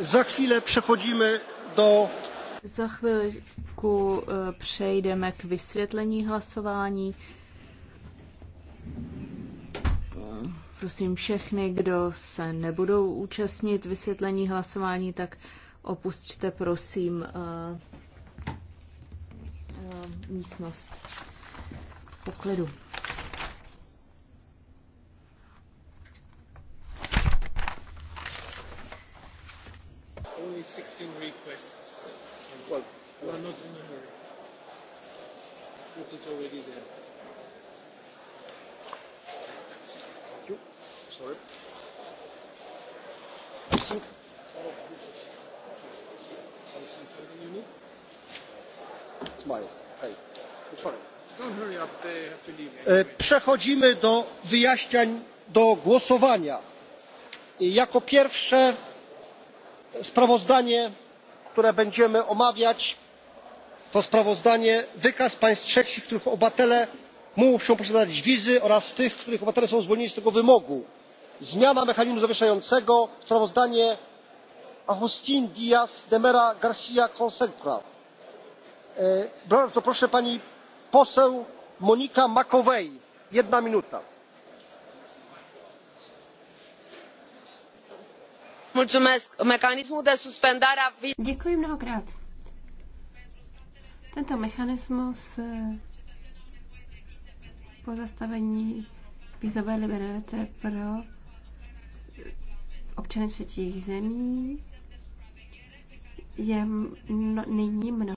Za chvíli přechodíme do... Za chvilku e, přejdeme k vysvětlení hlasování. Prosím všechny, kdo se nebudou účastnit vysvětlení hlasování, tak opusťte prosím e, e, místnost poklidu. only 16 requests. Well, we are not in a hurry. Put it already there. Thank you. Sorry. E, przechodzimy do wyjaśniań do głosowania. Jako pierwsze sprawozdanie które będziemy omawiać to sprawozdanie wykaz państw trzecich których obywatele muszą posiadać wizy oraz tych których obywatele są zwolnieni z tego wymogu zmiana mechanizmu zawieszającego sprawozdanie agustin diaz de mera garca consuegra. E, bardzo proszę pani poseł Monika macovei jedna minuta. Mulțumesc. de suspendare a... Děkuji mnohokrát. Tento mechanismus eh, pozastavení vízové liberace pro občany třetích zemí je no- nyní mnoho.